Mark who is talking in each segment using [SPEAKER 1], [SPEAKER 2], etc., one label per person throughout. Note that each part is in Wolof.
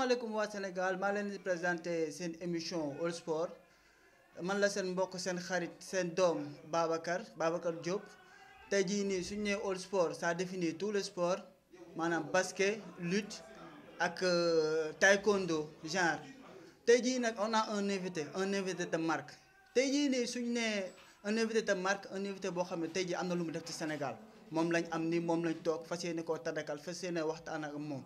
[SPEAKER 1] asalaamaaleykum waa Sénégal maa leen di présenté seen émission All Sport man la seen mbokk seen xarit seen doom Babacar Babacar Diop tey jii nii suñu nee All Sport ça définit tout le sport maanaam basket lutte ak euh, taekwondo genre tey jii on a un invité un invité de marque tey jii nii suñu un invité de marque un invité boo xam ne tey jii am na lu mu def ci Sénégal moom lañ am ni moom lañ toog fas yéene koo tadakal fas yéene ak moom.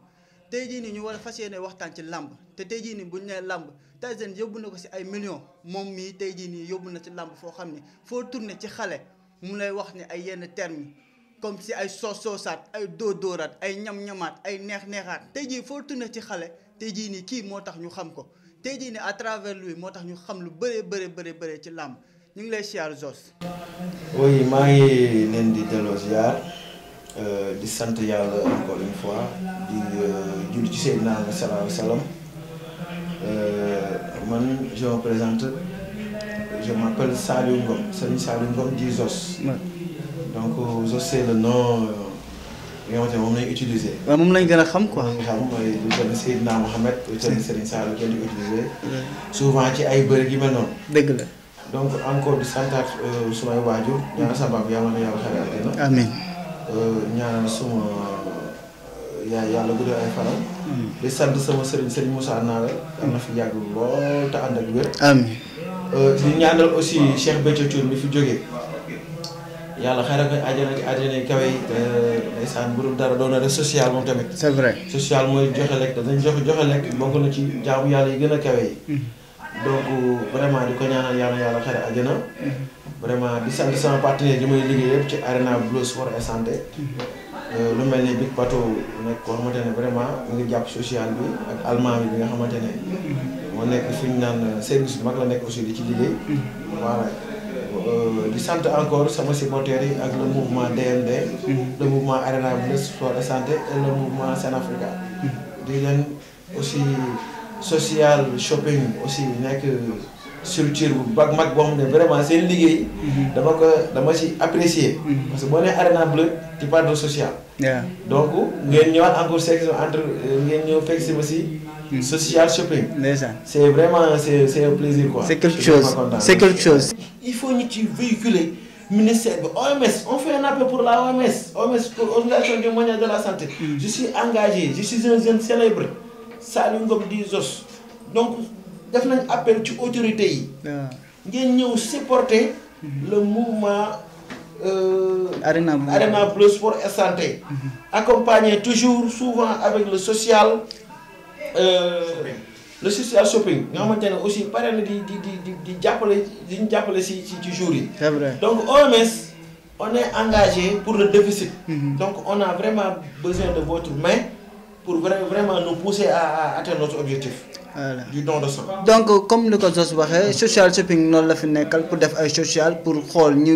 [SPEAKER 1] tey jii nii ñu war a fas yéene waxtaan ci làmb te tey jii nii bu ñu nee làmb Tyson yóbbu na ko si ay million moom mii tey jii nii yóbbu na ci làmb foo xam ni foo tourné ci xale mu lay wax ni ay yenn termes comme si ay soos soosaat ay dóodóoraat ay ñam-ñamaat ay neex-neexaat tey jii foo tourné ci xale tey jii nii kii moo tax ñu xam ko tey jii nii à travers lui moo tax ñu xam lu bëree bëree bëree bëree ci làmb ñu ngi lay siyaar Zoss.
[SPEAKER 2] oui maa ngi leen di delloo siyaar. Euh, di sante yalla encore une fois di euh, julli ci Seydina sallallahu alayhi wasallam euh man je me présente je m'appelle Saliou Ngom Serigne Saliou Ngom di Zos. donc euh, Zos c'est le nom bi on xamante on moom lañ utilisé. waaw moom lañ gën xam quoi. moom lañ xam mooy lu jëm Seydina Mohamed. lu jëm Serigne Saliou kenn di utilisé. souvent ci ay bërëb yi mel noonu. dëgg la. donc encore di santaat sumay waajur. ñaanal sa baab yàlla na yalla xare àddina. amiin. ñaanal suma euh, yaay yàlla guddal ay fanam. Hmm. di sant sama sëriñ sëriñ Moussa Naare. am na fi yàgg lool te ànd ak wér. amiin euh, di ñaanal aussi Cheikh Béthio Thioune mi fi jógee. yàlla xayra ko àjjana ak àjjana yi kawe yi. ndeysaan dara doon na social moom tamit. c'est vrai social mooy joxe lekk dañ joxe joxe lekk bokk na ci jaamu yàlla yi gën a kawe yi. Hmm. donc vraiment di ko ñaanal yàlla yàlla xayra àjjana. Hmm. vraiment di sant sama partenaire yi may liggéey yëpp ci arena Blue sport et santé euh, lu mel ni Big Pato nekk koo xamante ne vraiment mu ngi jàpp social bi ak almaa bi nga xamante ne moo nekk fi ñu naan euh, service bi mag la nekk aussi di ci liggéey voilà euh, di sant encore sama supporters yi ak le mouvement DMD mm-hmm. le mouvement arena Blue santé et le mouvement Sen mm-hmm. social shopping aussi nekk structure bu bag mag boo de vraiment c'est liggéey. Mhm. dama ko dama si apprécier. Mhm. parce que boo nee arena bleu tu parles de social. donc ngeen ñëwaat encore section entre euh, ngeen ñëw fekk si mhm. social shopping. c'est vraiment c'est c'est un plaisir quoi. c'est quelque chose c'est quelque chose. il faut ñu ci véhiculer ministère bi OMS on fait un appel pour la OMS OMS pour organisation du mondial de la santé. je suis engagé je suis un jeune célèbre salut Ngom di Zos donc. Nous avons appel ci autorité yi. Ah. ngeen supporter. le mouvement. Euh,
[SPEAKER 1] Arena Bleu Arena
[SPEAKER 2] Bleu sport et santé. Mhm. accompagné toujours souvent avec le social. Euh, le social shopping nga avons aussi parlé na di di di di donc OMS. on est engagé pour le déficit. Mhm. Donc on a vraiment besoin de votre main pour vraiment nous pousser à atteindre notre objectif voilà du don de sang
[SPEAKER 1] donc comme le cas Zoss waxee social shopping noonu la fi nekkal pour def ay social pour xool ñu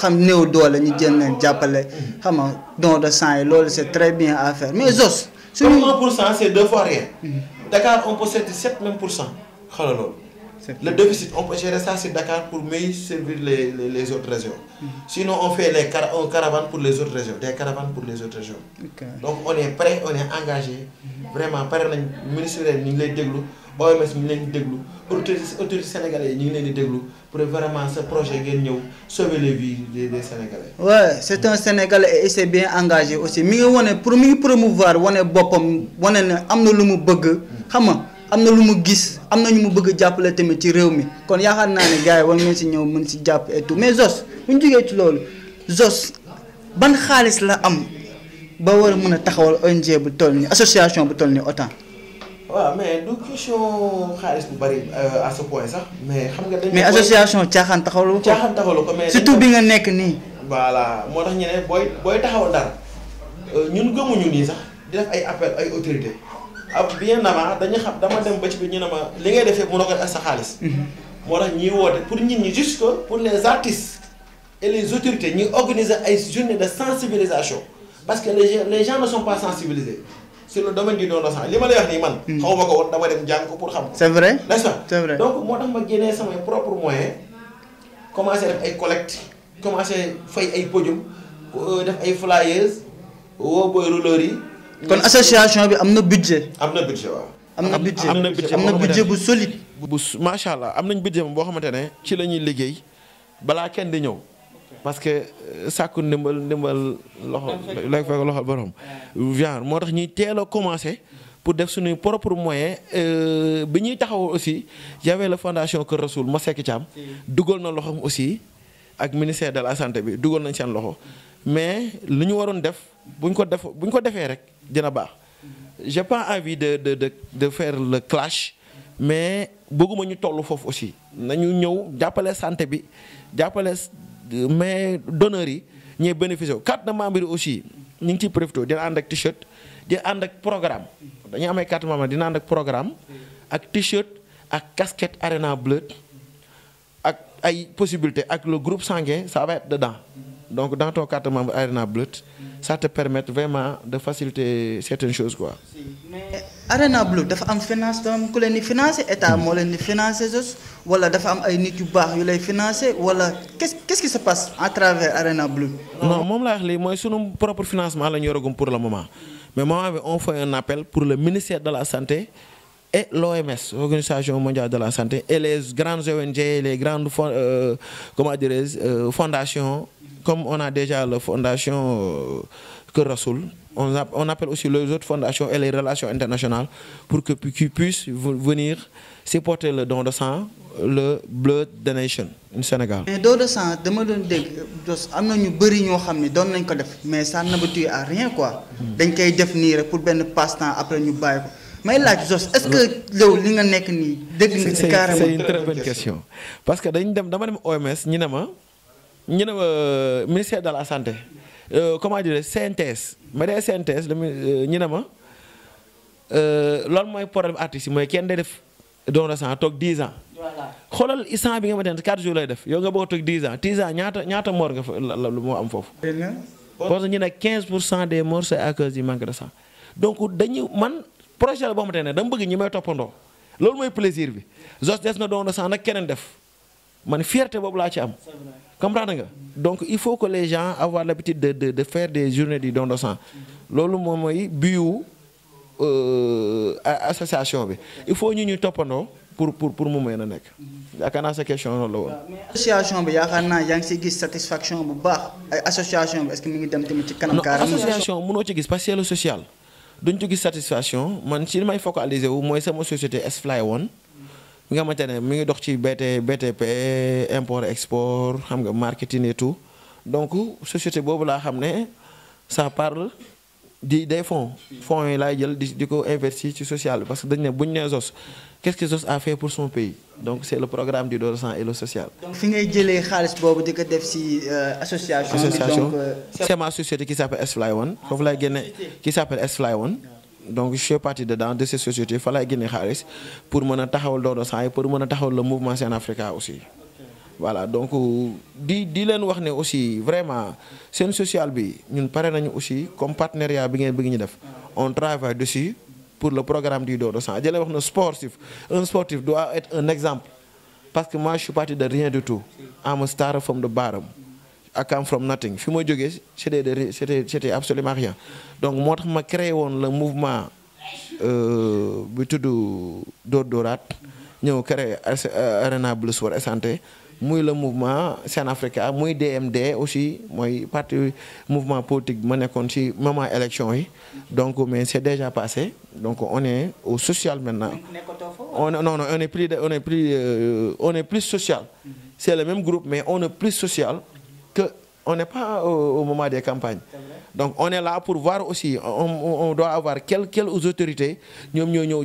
[SPEAKER 1] xam néew doole ñu jën leen jàppale. xam nga don de sang yi loolu c' très bien à faire mais Zoss.
[SPEAKER 2] suñu 1 pour cent deux fois rien. Mhm. Dakar on possède sept même pour cent xoolal loolu. Le déficit, on peut gérer ça sur Dakar pour mieux servir les, les, autres régions. Mhm. Sinon, on fait les car on caravane pour les autres régions, des caravanes pour les autres régions. Donc, on est prêt, on est engagé. Mhm. Vraiment, par le ministère, nous les déglou, OMS, nous les autorités sénégalais, nous les déglou, pour vraiment ce projet gagner, sauver les vies des, Sénégalais.
[SPEAKER 1] Ouais, c'est un Sénégalais et c'est bien engagé aussi. Mais on est pour mieux promouvoir, on est bon, on est amnolumou bug, comment? am na lu mu gis am na ñu mu bëgg a jàppale tamit ci réew mi kon yaakaar naa ne gars yi war ngeen si ñëw mën si jàpp et mais Zos bu ñu ci loolu Zos ban xaalis la am ba war a mën a taxawal ONG bu toll ni association bu toll ni OTAN.
[SPEAKER 2] waaw mais du question xaalis bu bari euh, à ce sax mais xam nga. dañu mais association
[SPEAKER 1] caaxaan taxawlu ko caaxaan taxawlu ko mais surtout bi
[SPEAKER 2] nga nekk nii. voilà moo tax ñu ne booy booy taxawal dara euh, ñun gëmuñu nii sax di def ay appel ay autorité ab bien avant dañu xam dama dem ba ci bi ñu ne ma li ngay defee mënoo ko ak sa xaalis. Mhm. moo tax ñuy woote pour nit ñi jusque pour les artistes et les autorités ñuy organiser ay journée de sensibilisation parce que les les gens ne sont pas sensibilisés sur le domaine du don sang li ma lay wax nii man. Mhm. xaw ma ko woon dama dem jàng pour xam ko. c'est vrai n'est-ce pas c'est vrai donc moo tax ma génnee samay propres moyens commencé def ay collecte commencé fay ay podium euh, def ay flyers woo booy rouleurs yi kon association bi amna budget. Amna budget wa. Amna budget Amna budget am budget bu solide. bu Masha'allah. allah budget boo xamantene ci lañuy liggéey bala kenn di ñëw. parce que euh, sàkku ndimbal ndimbal loxo lay fekk loxo borom. genre moo tax ñuy a commencé. pour def suñuy propre moyens. Euh, bi ñuy taxaw aussi y avait la fondation que Rasoul c'est sekk Thiam. dugal na l'homme aussi ak ministère de la santé bi dugal nañ seen loxo mais ce que nous def bu ñu ko def bu ko j'ai pas envie de de de de faire le clash mais bëgguma ñu toll foofu aussi nañu ñëw jàppale santé bi les, mais donneurs yi ñuy bénéficier quatre membres membre aussi nous ngi ciy profité ak t-shirt dina ànd ak programme quatre amee carte membre dina ànd ak programme ak t-shirt ak casquette arena bleu ak ay possibilité avec le groupe sanguin ça va être dedans donc, dans ton cadre, membre Arena Blut, ça te permet vraiment de faciliter certaines choses. Quoi.
[SPEAKER 1] Mais Arena Blut, il y a une finance, il y finance, l'État qui finance, ou il y a des gens qui les financent, ou qu'est-ce qui se passe
[SPEAKER 2] à travers Arena Blut Non, moi, je suis notre propre financement pour le moment. Mais moi, on fait un appel pour le ministère de la Santé et l'OMS, l'Organisation mondiale de la santé, et les grandes ONG, les grandes euh, comment euh, fondations, comme on a déjà la fondation que euh, Rasoul, on, appelle aussi les autres fondations et les relations internationales pour que qu'ils puissent venir supporter le don de sang, le Blood Donation au Sénégal.
[SPEAKER 1] Mais don de sang, je me dis, mais ça n'aboutit à rien quoi. Mm. Donc, ils définir pour ben passe-temps après nous may laaj Zoss est-ce que yow li nga nekk nii dégg nga si
[SPEAKER 2] parce que dañ dem dama dem OMS ñu ne ma ñu ne ma euh, ministère de la santé euh, comment dire CNTS ma dee CNTS la euh, ñu ne ma loolu mooy problème artistes yi mooy kenn day def don de sang toog 10 ans. voilà xoolal sang bi nga xamante ne 4 jours lay def yow nga bëgg a toog 10 ans 10 ans ñaata ñaata mort nga fa la moo am foofu. parce que ñu ne pour cent des morts c'est à cause du manque de sang donc dañu man. projet la boo xamante dama bëgg ñi may topando loolu moy plaisir bi Zoss des na don de sang nag keneen def man fierté bobu la ci am. comprendre nga donc il faut que les gens avoir l'habitude de de de faire des journées du don de sang loolu moom mooy biu euh, association bi il faut ñu ñu toppandoo. pour pour pour mu meena nek nekk. yaakaar sa question loolu la woon.
[SPEAKER 1] association bi yaakaar naa yaa ngi si gis satisfaction bu baax. ay association bi est-ce que mi ngi dem tamit ci kanam. carrément association
[SPEAKER 2] mëno ci gis parce que c'est le social duñ ci satisfaction man ci may focaliser wu moy sama société S-Fly One mi nga xamante mi ngi dox ci BT BTP import export xam nga marketing et tout donc société bobu la xamné ça parle di des fonds fonds lay jël di ko investir ci social parce que dañ né buñ né ZOS qu'est-ce que ont a fait pour son pays donc c'est le programme du Dorsant et le social.
[SPEAKER 1] donc fi ngay jëlee xaalis boobu di ko def euh, association. Euh, c'est
[SPEAKER 2] ma société qui s' appelle One foofu laay génne qui s' fly One donc je fais partie dedans de ces sociétés fa laay génne Harris pour mën a taxawal Dorsant et pour mon a le mouvement en Afrique aussi. voilà donc euh, di di leen aussi vraiment seen social bi ñun pare nañu aussi comme partenariat on travaille dessus pour le programme du dos de sang. sportif un sportif doit être un exemple parce que moi je suis parti de rien du tout. I'm a star from the bottom. I come from nothing fi je jógee c'était c'était absolument rien donc moi, je ma créé le mouvement euh, bi tudd Dóor Dóoraat ñëw créé euh, Arena Blue Sport et Santé. Moi le mouvement en Africa moi DMD aussi moi parti mouvement politique mané conti élection donc c'est déjà passé donc on est au social maintenant on est plus on est plus euh, on est plus social mhm. c'est le même groupe mais on est plus social que on n'est pas au, moment des campagnes. Donc on est là pour voir aussi, on, doit avoir quelles, quelles autorités nous avons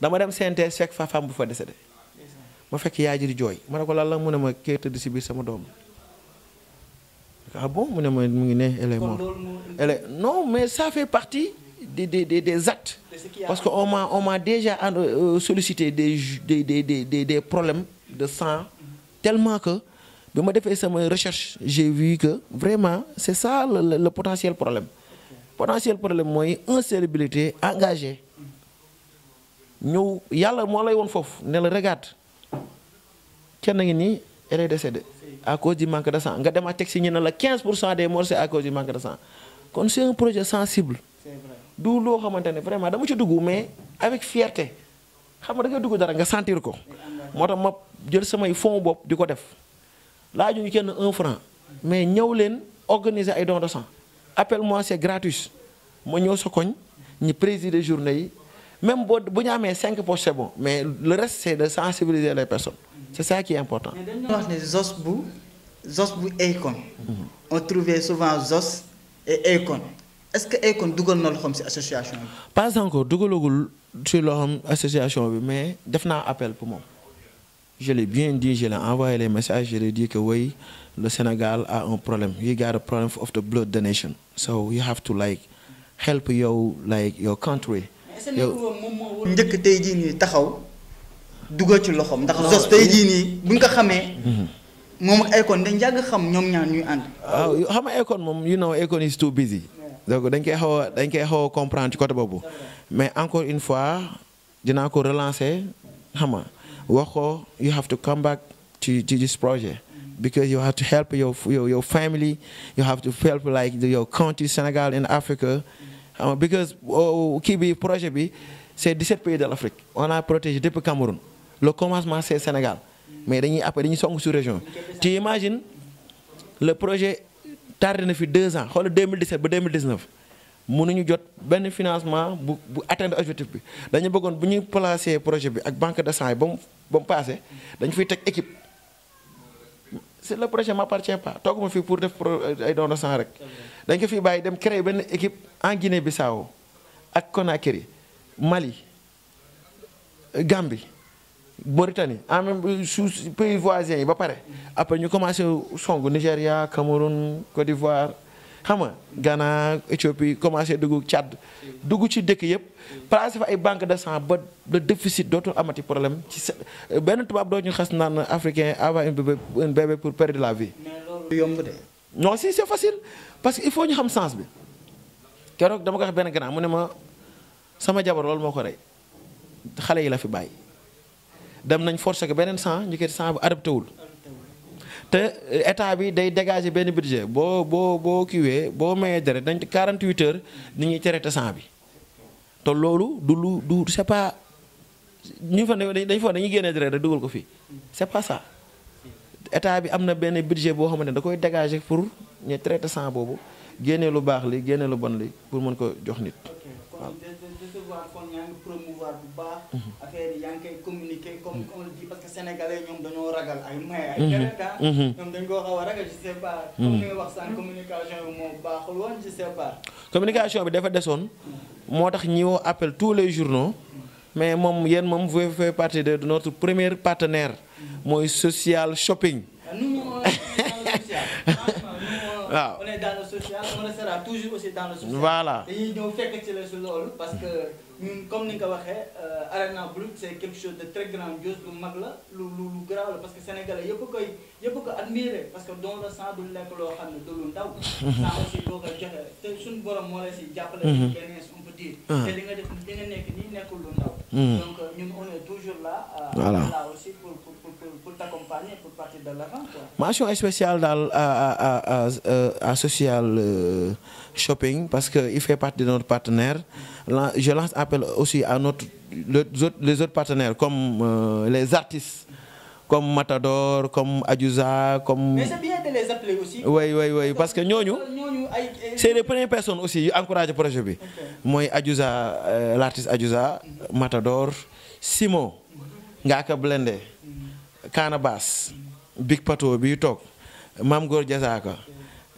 [SPEAKER 2] dama dem CNTS chaque femme bu fa décédé ma fekk yaay ji di jooy ma ne ko lan la je ne ma pas sama dom. ah bon elle est morte non mais ça fait partie des des des actes parce que on m'a on m'a déjà euh, euh, sollicité des des des des problèmes de sang tellement que bi ma fait sama recherche j'ai vu que vraiment c'est ça le potentiel problème potentiel problème une insalubrité engagée mm-hmm. ñëw yàlla moo lay woon foofu ne la regarde kenn ngi nii elle est décédée à cause du manque de sang nga dem a teg si ñu ne la quinze pour cent des morts c'est à cause du manque de sang kon c'est un projet sensible. du loo xamante ne vraiment dama ci dugg mais avec fierté xam nga da nga dugg dara nga sentir ko. moo tax ma jël samay fonds bopp di ko def laa laajuñu kenn un franc mais ñëw leen organiser ay dons de sang appel moi c'est gratuit ma ñëw sa koñ ñu présider journée yi. même si vous avez 5 cinq poches c'est bon mais le reste c'est de sensibiliser les personnes c'est ça qui est important.
[SPEAKER 1] wax ne zos bu
[SPEAKER 2] zos mhm. on trouvait
[SPEAKER 1] souvent zos et est-ce que Akon dugal na loxoom ci association
[SPEAKER 2] pas encore dugalagul ci loxoom association bi mais Defna un appel pour moi. je l'ai bien dit, je l'ai envoyé les messages, je lui ai dit que oui, le Sénégal a un problème. Il a problem of the blood donation. So you have to like help your like your country.
[SPEAKER 1] yow njëkk tey jii nii taxaw
[SPEAKER 2] dugal ci loxoom ndax Zoss tey jii nii buñ ko xamee. Mhm. moom ak Akon dañ yàgg xam ñoom ñaar ñuy ànd. waaw xam nga Akon moom you know Akon is too busy. dañ koy xaw a dañ koy xaw a comprendre ci côté boobu. mais encore une fois dinaa ko relancer xam nga wax ko you have to come back ci ci this projet. Mm. because you have to help your your your family you have to help like your country Senegal and Africa. Mm. xam nga because oh, oh, kii bi projet bi c' est 17 pays de l' Afrique on a protégé depuis Cameroun le commencement c' est Sénégal mais dañuy après dañuy song sous région tu imagines le projet tardé na fi 2 ans xoolal 2017 ba nu ñu jot benn financement bu bu atteindre objectif bi dañu bëggoon bu ñuy placer projet bi ak banque de sang ba mu ba mu passé dañu fiy teg équipe. c'est le projet m'appartient pas tooguma fii pour def pro ay don de sang rek. dañ ko fii bàyyi dem créer benn équipe en Guinée Bissau ak Conakry Mali Gambie Mauritanie en même sous pays voisins yi ba pare après ñu commencé song Nigéria Cameroun Côte d'Ivoire. xam nga Ghana Éthiopie commencé duggu Tchad dugg ci dëkk yëpp placé fa ay banque de sang ba le déficit dootul amati problème ci sa benn tubaab doo ñu xas naan africain avoir un bébé un bébé la vie. mais loolu yomb de. parce que il faut ñu xam sens bi keroog dama ko wax benn grand mu ne ma sama jabar loolu moo ko rey xale yi la fi bàyyi dem nañ forcé ko beneen sang ñu koy sang bu wul. te eh, état bi day dégager benn budget boo boo boo kiwee boo mayee deret dañ 48 heures ni ñuy traité sang bi te loolu du lu du c'est pas ñu fa dañu fa dañuy génnee deret rek dugal ko fii c'est pas ça état bi am na benn budget boo xamante ne da koy dégager pour ñu traité sang boobu génnee lu baax li génnee lu bon li pour mën ko jox nit. waaw
[SPEAKER 1] kon décevoir kon bu baax. Mhm. Mhm. ñoom dañoo ragal ay mhm. ah. dañ koo xaw a ragal je sais
[SPEAKER 2] communication bi moo dafa desoon. moo tax ñi woo appel tous les journaux. mais moom yéen moom vous faites partie de notre premier partenaire. mooy social shopping. on est dans
[SPEAKER 1] le social on sera toujours aussi dans le social. voilà Et fekk ci le parce que comme ni euh, Arena Brut c'est quelque chose de très grandiose de Magla, parce que sénégalais ils admirer parce que dans le sang on peut dire. Ah. Mm-hmm. donc euh, nous, on est toujours là. Euh,
[SPEAKER 2] Ma Mention spéciale dans, à, euh, Social euh, Shopping parce qu'il fait partie de notre partenaire. Je lance appel aussi à notre, les autres partenaires comme euh, les artistes comme Matador, comme Adjusa, comme... Mais c'est
[SPEAKER 1] bien de les appeler aussi.
[SPEAKER 2] Oui, oui, oui, parce que nous, c'est les premières personnes aussi qui pour le projet. Moi, Adjusa, l'artiste Adjusa, mhm. Matador, Simo, mm -hmm. Ngaka Blende, Big Pato bi toog maam Gor Diazaka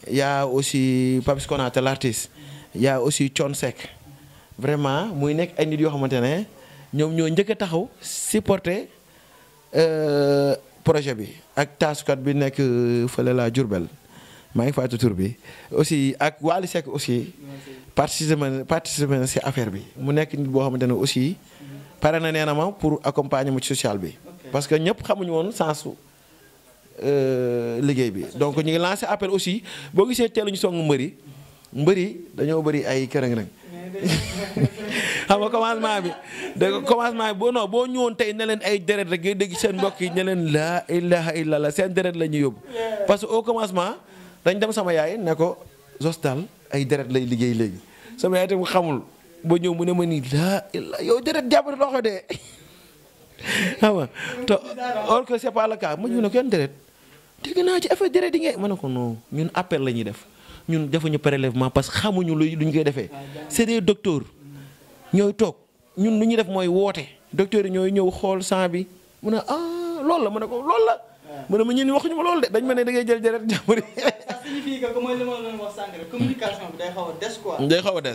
[SPEAKER 2] y a aussi Papis Konaté l'artiste y a aussi Thione Seck vraiment muy nekk ay nit yoo xamante ne ñoom ñoo njëkk a taxaw supporter euh, projet bi ak taasukat bi nekk euh, fële la Diourbel maa ngi fàttali bi aussi ak Wally Seck aussi participer participer si affaire bi mu nekk nit boo xamante ne aussi pare na nee na ma pour accompagner mu ci social bi parce que ñëpp xamuñu woon sensu Euh, liggéey bi donc ñu ngi lancé appel aussi boo gisee teeluñu song mbëri mbëri dañoo bëri ay kërëng-rëng xam nga commencement bi dégg commencement bi boo boo ñëwoon tey ne leen ay deret rek ngay dégg seen mbokk yi ne leen laa ilaha illallah seen deret la ñuy yóbbu parce que au commencement dañ dem sama yaay ne ko Zoss ay deret lay liggéey léegi sama yaay tamit xamul ba ñëw mu ne ma nii laa ilaha yow deret jàppale loxo de xam nga te or ma ñëw ne ko deret dégg naa ci affaire deret di ngeen ma ne ko non ñun appel lañuy def ñun defuñu prélèvement parce que xamuñu lu ñu koy defee c'est des docteurs ñooy toog ñun lu ñuy def mooy woote docteurs yi ñooy ñëw xool sang bi mu ne ah loolu la ma ne ko lool la. mu ne ma ñun waxuñu ma loolu de dañ ma ne da ngay jël deret jàmbur yi.
[SPEAKER 1] ça day xaw xaw a des.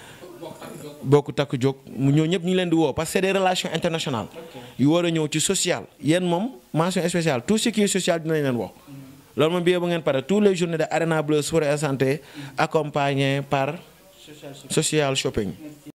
[SPEAKER 2] bokk takk jóg mu ñoo ñëpp ñu leen di woo parce que c'est des relations internationales yu war a ñëw ci social yéen moom mention spéciale tout ce qui est social dinañ leen wox loolu ma bi ba ngeen pare tous les journées de Arena Bleu Sport et Santé accompagné par social shopping